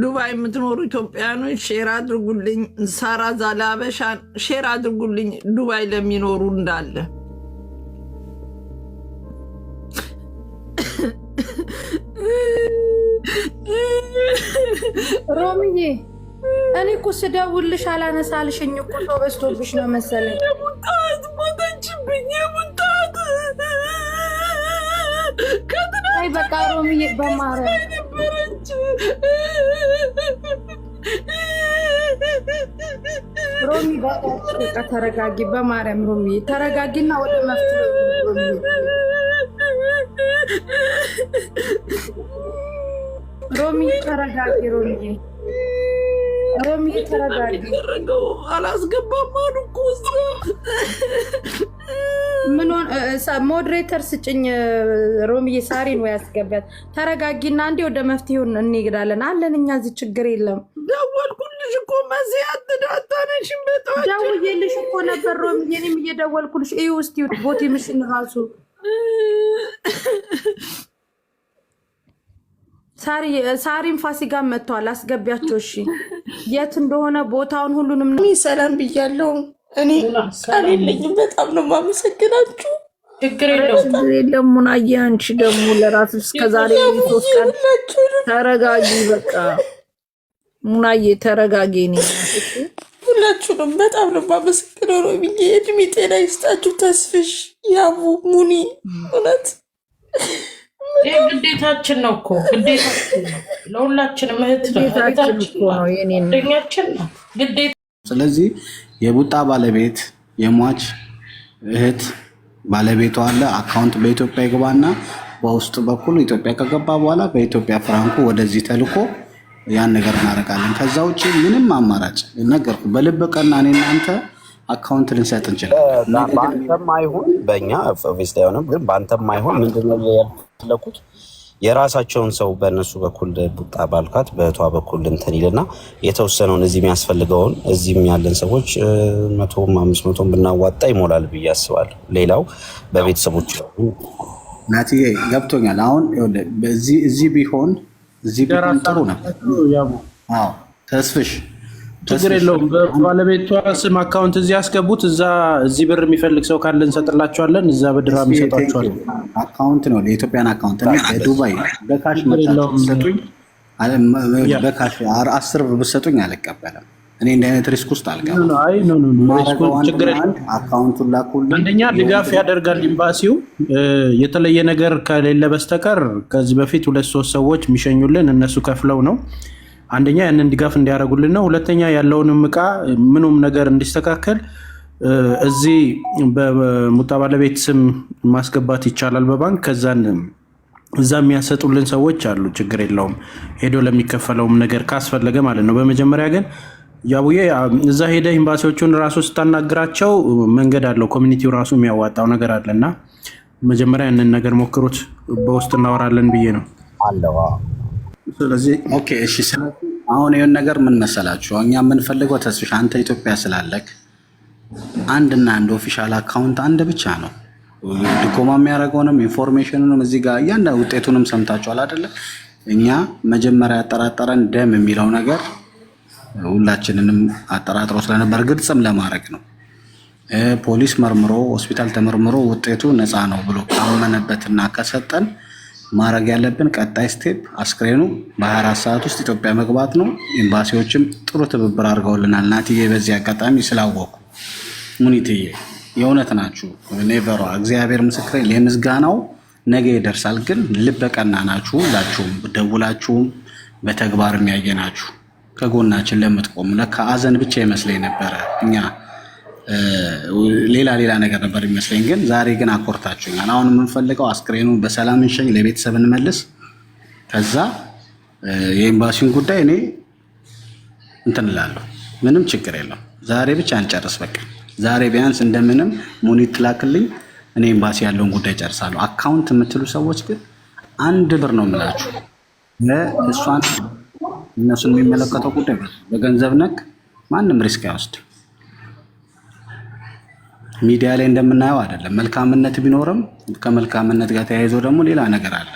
ዱባይ የምትኖሩ ኢትዮጵያኖች ሼር አድርጉልኝ። ሳራ ዛላበሻ ሼር አድርጉልኝ። ዱባይ ለሚኖሩ እንዳለ ሮምዬ እኔ እኮ ስደውልሽ አላነሳልሽኝ እኮ ሰው በዝቶብሽ ነው መሰለኝ። የሙጣት ሞተችብኝ። ከትናይ በቃ ሮምዬ በማረ ሮሚ በቃ ተረጋጊ፣ በማርያም ሮሚ ተረጋጊና ወደ መፍትሄ ሮሚ ተረጋጊ። ሮሚ ሮሚ ተረጋጊ። አላስገባም አሉ እኮ እዛ ሞዴሬተር ስጭኝ ሮምዬ፣ ሳሪ ነው አስገቢያት። ተረጋጊና እንዲ ወደ መፍትሄውን እንግዳለን አለን። እኛ እዚህ ችግር የለም። ደወልኩልሽ እኮ መዚ አትዳታነሽም። በጣም ደውዬልሽ እኮ ነበር ሮምዬ፣ እኔም እየደወልኩልሽ። እዩ ይሁድ ቦቴ ምሽን ራሱ ሳሪም ፋሲካ መጥተዋል። አስገቢያቸው። እሺ የት እንደሆነ ቦታውን ሁሉንም ሰላም ብያለው። እኔ ቃል የለኝም። በጣም ነው የማመሰግናችሁ። ችግር የለም። ሙናዬ አንቺ ደግሞ ለራስ እስከዛሬ ሶስት ተረጋጊ። በቃ ሙናዬ ተረጋጊ። ኔ ሁላችሁንም በጣም ነው የማመሰግነው። ነው ብዬ እድሜ ጤና ይስጣችሁ። ተስፍሽ ያቡ ሙኒ እውነት ይህ ግዴታችን ነው እኮ ግዴታችን ነው። ለሁላችንም እህት ነው ግዴታችን ነው ግዴታ። ስለዚህ የቡጣ ባለቤት የሟች እህት ባለቤቱ አለ። አካውንት በኢትዮጵያ ይግባና በውስጥ በኩል ኢትዮጵያ ከገባ በኋላ በኢትዮጵያ ፍራንኩ ወደዚህ ተልኮ ያን ነገር እናደርጋለን። ከዛ ውጭ ምንም አማራጭ ነገርኩ። በልብ ቀና እኔ እናንተ አካውንት ልንሰጥ እንችላለን። በአንተም አይሆን በእኛ ስ አይሆንም፣ ግን በአንተም አይሆን ምንድነው ያለኩት የራሳቸውን ሰው በእነሱ በኩል ቡጣ ባልካት በእህቷ በኩል እንትን ይልና የተወሰነውን እዚህ የሚያስፈልገውን እዚህም ያለን ሰዎች መቶም አምስት መቶም ብናዋጣ ይሞላል ብዬ አስባለሁ። ሌላው በቤተሰቦች ናትዬ ገብቶኛል። አሁን እዚህ ቢሆን እዚህ ቢሆን ጥሩ ነበር። ተስፍሽ ችግር የለውም። ባለቤቷ ስም አካውንት እዚህ ያስገቡት። እዛ እዚህ ብር የሚፈልግ ሰው ካለ እንሰጥላቸዋለን። እዛ በድራ እንሰጣቸዋለን። አካውንት ነው የኢትዮጵያን አካውንት ዱባይ በካሽ በካሽ አስር ብር ብትሰጡኝ አልቀበለም። እኔ እንደ አይነት ሪስክ ውስጥ አልገባም። አካውንቱን አንደኛ ድጋፍ ያደርጋል ኤምባሲው፣ የተለየ ነገር ከሌለ በስተቀር ከዚህ በፊት ሁለት ሶስት ሰዎች የሚሸኙልን እነሱ ከፍለው ነው አንደኛ ያንን ድጋፍ እንዲያደርጉልን ነው። ሁለተኛ ያለውንም እቃ ምኑም ነገር እንዲስተካከል እዚህ በሙጣ ባለቤት ስም ማስገባት ይቻላል በባንክ ከዛን እዛ የሚያሰጡልን ሰዎች አሉ። ችግር የለውም ሄዶ ለሚከፈለውም ነገር ካስፈለገ ማለት ነው። በመጀመሪያ ግን ያቡዬ እዛ ሄደ ኤምባሲዎቹን ራሱ ስታናግራቸው መንገድ አለው ኮሚኒቲው ራሱ የሚያዋጣው ነገር አለ እና መጀመሪያ ያንን ነገር ሞክሩት፣ በውስጥ እናወራለን ብዬ ነው አለው ስለዚህ ኦኬ እሺ። አሁን ይሄን ነገር ምን መሰላችሁ፣ እኛ የምንፈልገው ተስፋ አንተ ኢትዮጵያ ስላለክ አንድና አንድ ኦፊሻል አካውንት አንድ ብቻ ነው። ድጎማ የሚያደርገውንም ኢንፎርሜሽኑንም እዚህ ጋር እያንዳ ውጤቱንም ሰምታችኋል አይደለ? እኛ መጀመሪያ ያጠራጠረን ደም የሚለው ነገር ሁላችንንም አጠራጥሮ ስለነበር ግልጽም ለማድረግ ነው። ፖሊስ መርምሮ ሆስፒታል ተመርምሮ ውጤቱ ነፃ ነው ብሎ ካመነበትና ከሰጠን ማድረግ ያለብን ቀጣይ ስቴፕ አስክሬኑ በ24 ሰዓት ውስጥ ኢትዮጵያ መግባት ነው። ኤምባሲዎችም ጥሩ ትብብር አድርገውልናል። ናትዬ በዚህ አጋጣሚ ስላወቁ ሙኒትዬ የእውነት ናችሁ። ኔቨሯ እግዚአብሔር ምስክሬ የምስጋናው ነገ ይደርሳል። ግን ልበቀና ናችሁ። ሁላችሁም ደውላችሁም በተግባር የሚያየ ናችሁ። ከጎናችን ለምትቆሙ ለካ አዘን ብቻ ይመስለኝ ነበረ እኛ ሌላ ሌላ ነገር ነበር የሚመስለኝ፣ ግን ዛሬ ግን አኮርታችሁኛል። አሁን የምንፈልገው አስክሬኑን በሰላም እንሸኝ፣ ለቤተሰብ እንመልስ። ከዛ የኤምባሲውን ጉዳይ እኔ እንትን እላለሁ። ምንም ችግር የለም። ዛሬ ብቻ እንጨርስ በቃ። ዛሬ ቢያንስ እንደምንም ሙኒት ትላክልኝ፣ እኔ ኤምባሲ ያለውን ጉዳይ ጨርሳለሁ። አካውንት የምትሉ ሰዎች ግን አንድ ብር ነው የምላችሁ። እሷን እነሱን የሚመለከተው ጉዳይ በገንዘብ ነክ ማንም ሪስክ አይወስድ ሚዲያ ላይ እንደምናየው አይደለም። መልካምነት ቢኖርም ከመልካምነት ጋር ተያይዞ ደግሞ ሌላ ነገር አለ።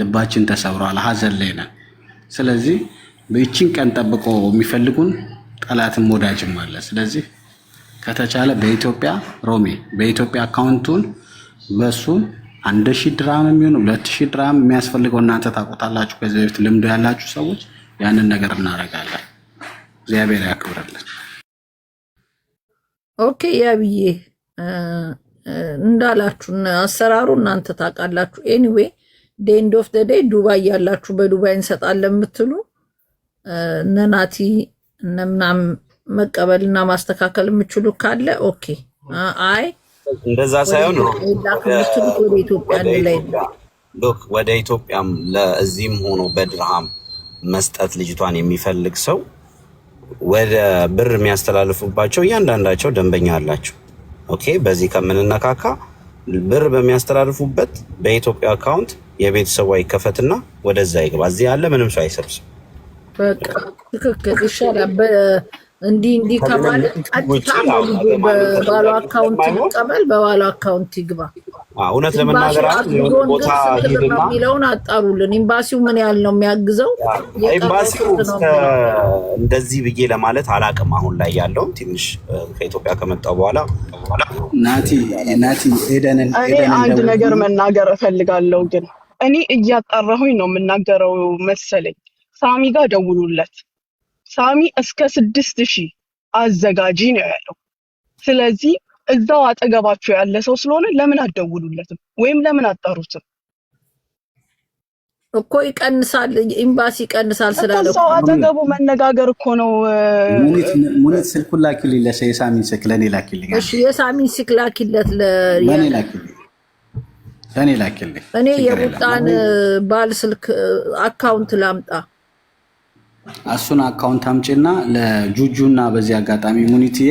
ልባችን ተሰብሯል፣ ሀዘን ላይ ነን። ስለዚህ በይችን ቀን ጠብቆ የሚፈልጉን ጠላትም ወዳጅም አለ። ስለዚህ ከተቻለ በኢትዮጵያ ሮሜ በኢትዮጵያ አካውንቱን በሱ አንድ ሺህ ድራም የሚሆን ሁለት ሺህ ድራም የሚያስፈልገው እናንተ ታውቁታላችሁ። ከዚህ በፊት ልምዶ ያላችሁ ሰዎች ያንን ነገር እናደርጋለን። እግዚአብሔር ያክብርልን። ኦኬ ያብዬ እንዳላችሁ አሰራሩ እናንተ ታውቃላችሁ። ኤኒዌይ ዴንድ ኦፍ ደደይ ዱባይ ያላችሁ በዱባይ እንሰጣለን የምትሉ እነ ናቲ እነ ምናምን ማስተካከል የምችሉ ካለ ኦኬ። አይ እንደዛ ሳይሆን ወደ ኢትዮጵያ ላይ ወደ ኢትዮጵያም ለዚህም ሆኖ በድርሃም መስጠት ልጅቷን የሚፈልግ ሰው ወደ ብር የሚያስተላልፉባቸው እያንዳንዳቸው ደንበኛ አላቸው። ኦኬ፣ በዚህ ከምንነካካ ብር በሚያስተላልፉበት በኢትዮጵያ አካውንት የቤተሰቡ ይከፈትና ወደዛ ይግባ። እዚህ ያለ ምንም ሰው አይሰብስም። ትክክል ይሻላል። እንዲህ እንዲህ ከማለት ቀጥታ ባሏ አካውንት ይቀበል፣ በባሏ አካውንት ይግባ። እውነት ለመናገር ቦታ ሄድና የሚለውን አጣሩልን። ኤምባሲው ምን ያህል ነው የሚያግዘው? ኤምባሲው እንደዚህ ብዬ ለማለት አላቅም። አሁን ላይ ያለውም ትንሽ ከኢትዮጵያ ከመጣሁ በኋላ ናቲ ናቲ ሄደንን እኔ አንድ ነገር መናገር እፈልጋለሁ፣ ግን እኔ እያጣራሁኝ ነው የምናገረው መሰለኝ። ሳሚ ጋር ደውሉለት። ሳሚ እስከ ስድስት ሺህ አዘጋጂ ነው ያለው። ስለዚህ እዛው አጠገባችሁ ያለ ሰው ስለሆነ ለምን አደውሉለትም ወይም ለምን አትጠሩትም? እኮ ይቀንሳል፣ ኤምባሲ ይቀንሳል ስላለ እዛው አጠገቡ መነጋገር እኮ ነው። ሙኒት ስልኩን ላኪልኝ፣ የሳሚን ስልክ ለእኔ ላኪልኝ። እሺ የሳሚን ስልክ ላኪለት፣ ለእኔ ላኪልኝ ለእኔ ላኪልኝ። እኔ የቡጣን ባል ስልክ አካውንት ላምጣ። እሱን አካውንት አምጪና ለጁጁ እና በዚህ አጋጣሚ ሙኒትዬ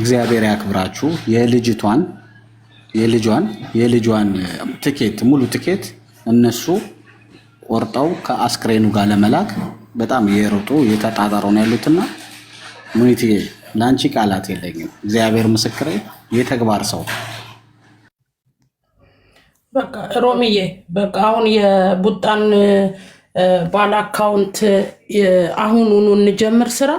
እግዚአብሔር ያክብራችሁ። የልጅቷን የልጇን የልጇን ትኬት ሙሉ ትኬት እነሱ ቆርጠው ከአስክሬኑ ጋር ለመላክ በጣም የሮጡ የተጣጣሩ ነው ያሉትና ሙኒቲ ለአንቺ ቃላት የለኝም። እግዚአብሔር ምስክሬ የተግባር ሰው በቃ ሮሚዬ በቃ አሁን የቡጣን ባለ አካውንት አሁኑኑ እንጀምር ስራ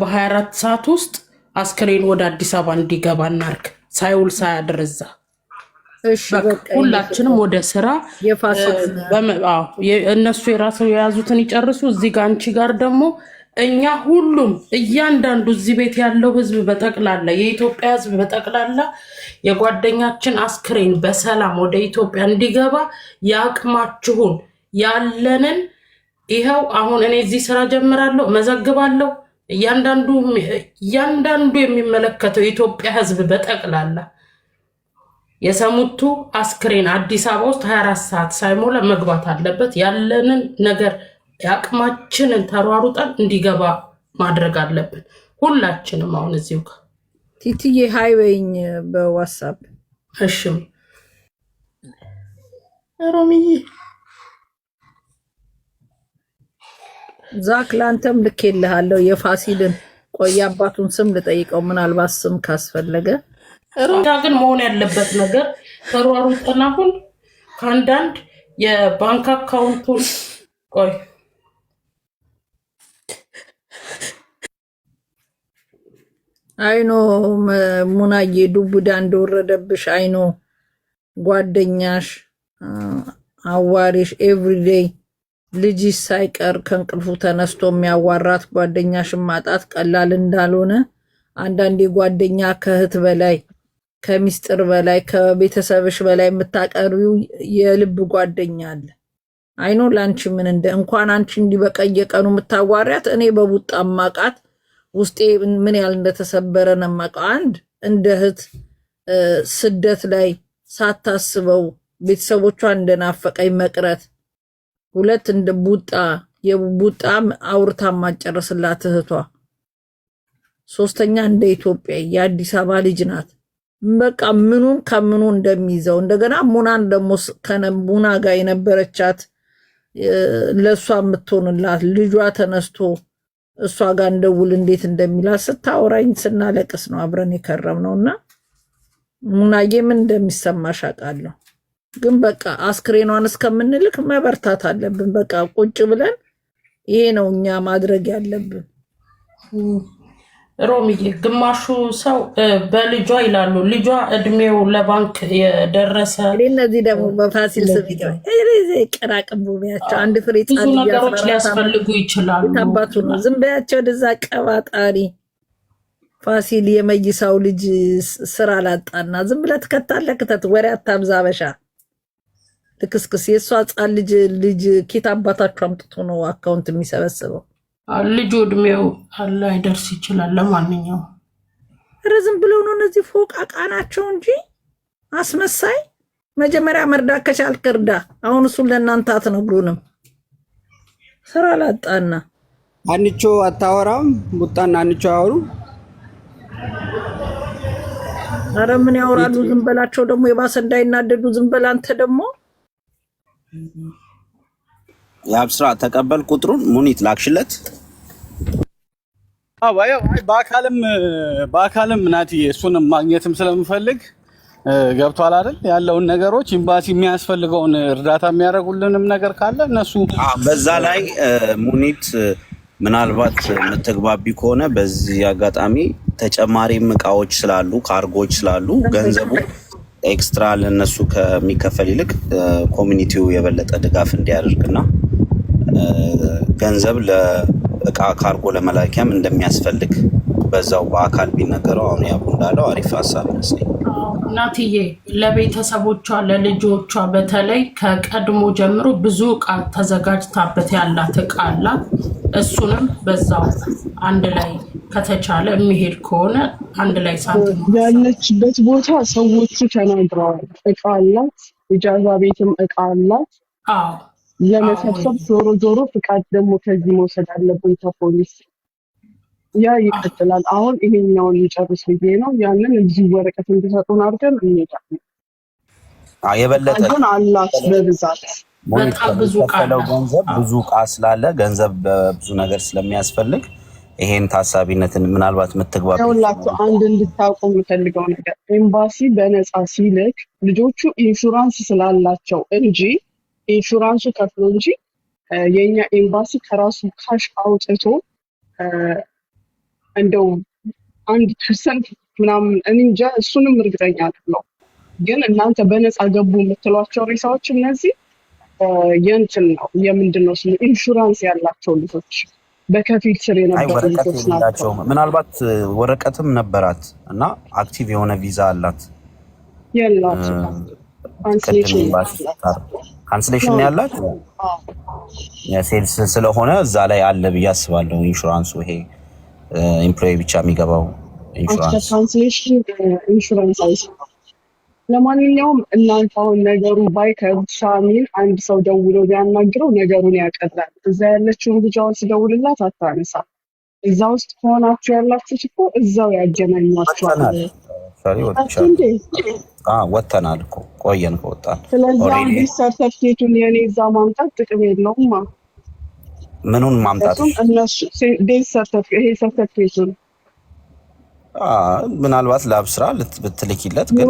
በ24 ሰዓት ውስጥ አስክሬን ወደ አዲስ አበባ እንዲገባ እናርግ፣ ሳይውል ሳያድር እዛ ሁላችንም ወደ ስራ። እነሱ የራሱ የያዙትን ይጨርሱ። እዚህ ጋር አንቺ ጋር ደግሞ እኛ ሁሉም እያንዳንዱ እዚህ ቤት ያለው ህዝብ በጠቅላላ የኢትዮጵያ ህዝብ በጠቅላላ የጓደኛችን አስክሬን በሰላም ወደ ኢትዮጵያ እንዲገባ የአቅማችሁን ያለንን ይኸው አሁን እኔ እዚህ ስራ ጀምራለሁ፣ መዘግባለሁ እያንዳንዱ የሚመለከተው የኢትዮጵያ ህዝብ በጠቅላላ የሰሙቱ አስክሬን አዲስ አበባ ውስጥ 24 ሰዓት ሳይሞላ መግባት አለበት። ያለንን ነገር የአቅማችንን ተሯሩጠን እንዲገባ ማድረግ አለብን። ሁላችንም አሁን እዚሁ ጋር ቲትዬ ሀይወይኝ በዋትሳፕ እሽም ሮሚዬ ዛክ ለአንተም ልክ የፋሲልን ቆይ አባቱን ስም ልጠይቀው፣ ምናልባት ስም ካስፈለገ። ሮዳ ግን መሆን ያለበት ነገር ተሯሩጠን አሁን ከአንዳንድ የባንክ አካውንቱን ቆይ አይኖ ሙናዬ ዱቡዳ እንደወረደብሽ አይኖ ጓደኛሽ አዋሪሽ ኤቭሪዴይ ልጅ ሳይቀር ከእንቅልፉ ተነስቶ የሚያዋራት ጓደኛሽ ማጣት ቀላል እንዳልሆነ አንዳንዴ ጓደኛ ከእህት በላይ ከሚስጥር በላይ ከቤተሰብሽ በላይ የምታቀርቢው የልብ ጓደኛ አለ። አይኖ ለአንቺ ምን እንደ እንኳን አንቺ እንዲህ በቀየቀኑ የምታዋሪያት እኔ በቡጣ ማቃት ውስጤ ምን ያህል እንደተሰበረ ነው የማውቀው። አንድ እንደ እህት ስደት ላይ ሳታስበው ቤተሰቦቿ እንደናፈቀኝ መቅረት ሁለት እንደ ቡጣ የቡጣ አውርታ ማጨረስላት እህቷ፣ ሶስተኛ እንደ ኢትዮጵያ የአዲስ አበባ ልጅ ናት። በቃ ምኑን ከምኑ እንደሚይዘው እንደገና ሙናን ደግሞ ከሙና ጋር የነበረቻት ለእሷ የምትሆንላት ልጇ ተነስቶ እሷ ጋር እንደውል እንዴት እንደሚላት ስታወራኝ ስናለቅስ ነው አብረን የከረም ነው እና ሙናዬ ምን እንደሚሰማሽ አውቃለሁ። ግን በቃ አስክሬኗን እስከምንልክ መበርታት አለብን። በቃ ቁጭ ብለን ይሄ ነው እኛ ማድረግ ያለብን። ሮሚዬ ግማሹ ሰው በልጇ ይላሉ። ልጇ እድሜው ለባንክ የደረሰ እነዚህ ደግሞ በፋሲል ስም ቅራቅቦ ቢያቸው አንድ ፍሬ ብዙ ነገሮች ሊያስፈልጉ ይችላሉ። ታባቱ ነው ዝም በያቸው። ድዛ ቀባጣሪ ፋሲል የመይሳው ልጅ ስራ ላጣና ዝም ብለህ ትከታለህ። ክተት ወሬ አታብዛ በሻ ትክስክስ የእሷ ህፃን ልጅ ልጅ ኬት አባታችሁ አምጥቶ ነው አካውንት የሚሰበስበው? ልጁ እድሜው ላይደርስ ይችላል። ለማንኛውም ረዝም ብለው ነው እነዚህ ፎቅ አቃ ናቸው እንጂ አስመሳይ። መጀመሪያ መርዳት ከቻልክ እርዳ። አሁን እሱን ለእናንተ አትነግሩንም። ስራ ላጣና አንቾ አታወራም። ቡጣና አንቾ አያወሩ። አረ ምን ያወራሉ? ዝም በላቸው ደግሞ የባሰ እንዳይናደዱ። ዝም በል አንተ ደግሞ የአብስራ ተቀበል ቁጥሩን ሙኒት ላክሽለት። በአካልም በአካልም ናት እሱንም ማግኘትም ስለምፈልግ ገብቷል አይደል? ያለውን ነገሮች ኤምባሲ የሚያስፈልገውን እርዳታ የሚያደርጉልንም ነገር ካለ እነሱ በዛ ላይ ሙኒት ምናልባት መተግባቢ ከሆነ በዚህ አጋጣሚ ተጨማሪም እቃዎች ስላሉ ካርጎች ስላሉ ገንዘቡ ኤክስትራ ለነሱ ከሚከፈል ይልቅ ኮሚኒቲው የበለጠ ድጋፍ እንዲያደርግና ገንዘብ ለእቃ ካርጎ ለመላኪያም እንደሚያስፈልግ በዛው በአካል ቢነገረው አሁን ያቡ እንዳለው አሪፍ ሀሳብ ይመስለኛል። እናትዬ ለቤተሰቦቿ ለልጆቿ በተለይ ከቀድሞ ጀምሮ ብዙ እቃ ተዘጋጅታበት ያላት እቃ አላት። እሱንም በዛው አንድ ላይ ከተቻለ የሚሄድ ከሆነ አንድ ላይ ሳንቲም ያለችበት ቦታ ሰዎቹ ተናግረዋል። እቃ አላት፣ ኢጃዛ ቤትም እቃ አላት ለመሰብሰብ ዞሮ ዞሮ ፍቃድ ደግሞ ከዚህ መውሰድ አለብን ከፖሊስ ያ ይቀጥላል። አሁን ይሄኛውን ሊጨርስ ብዬ ነው። ያንን እዚህ ወረቀት እንዲሰጡን አድርገን እንሄዳለን። የበለጠ ግን አላት በብዛት የሚከፈለው ገንዘብ ብዙ እቃ ስላለ ገንዘብ በብዙ ነገር ስለሚያስፈልግ ይሄን ታሳቢነትን ምናልባት ምትግባ ሁላችሁ አንድ እንድታውቁ የምፈልገው ነገር ኤምባሲ በነፃ ሲልክ ልጆቹ ኢንሹራንስ ስላላቸው እንጂ ኢንሹራንሱ ከፍሎ እንጂ የእኛ ኤምባሲ ከራሱ ካሽ አውጥቶ እንደው አንድ ፐርሰንት ምናምን እኔ እንጃ እሱንም እርግጠኛ አይደለሁም። ግን እናንተ በነፃ ገቡ የምትሏቸው ሬሳዎች እነዚህ የእንትን ነው የምንድን ነው ስሙ ኢንሹራንስ ያላቸው ልጆች በከፊል ስር የነበሩ ልጆች ናቸው። ምናልባት ወረቀትም ነበራት እና አክቲቭ የሆነ ቪዛ አላት የላት ካንስሌሽን ያላት ሴልስ ስለሆነ እዛ ላይ አለ ብዬ አስባለሁ ኢንሹራንሱ ይሄ ኤምፕሎይ ብቻ የሚገባው ኢንሹራንስ ለማንኛውም እናንተ አሁን ነገሩ ባይከብድ ሻሚል አንድ ሰው ደውሎ ቢያናግረው ነገሩን ያቀላል። እዛ ያለችውን ልጃውን ስደውልላት አታነሳ። እዛ ውስጥ ከሆናችሁ ያላችሁት እኮ እዛው ያገናኛችኋል። ወተናል እኮ ቆየን ከወጣን። ስለዚህ አሁን ሰርተፍኬቱን የኔ እዛ ማምጣት ጥቅም የለውም። ምኑን ማምጣት ምናልባት ላብ ስራ ብትልኪለት ግን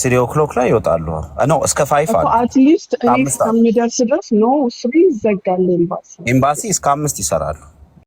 ስሪ ኦክሎክ ላይ ይወጣሉ። ነው እስከ ፋይፍ አለ። አትሊስት እኔ እስከምደርስ ድረስ ነው ስሪ ይዘጋል። ኤምባሲ እስከ አምስት ይሰራሉ።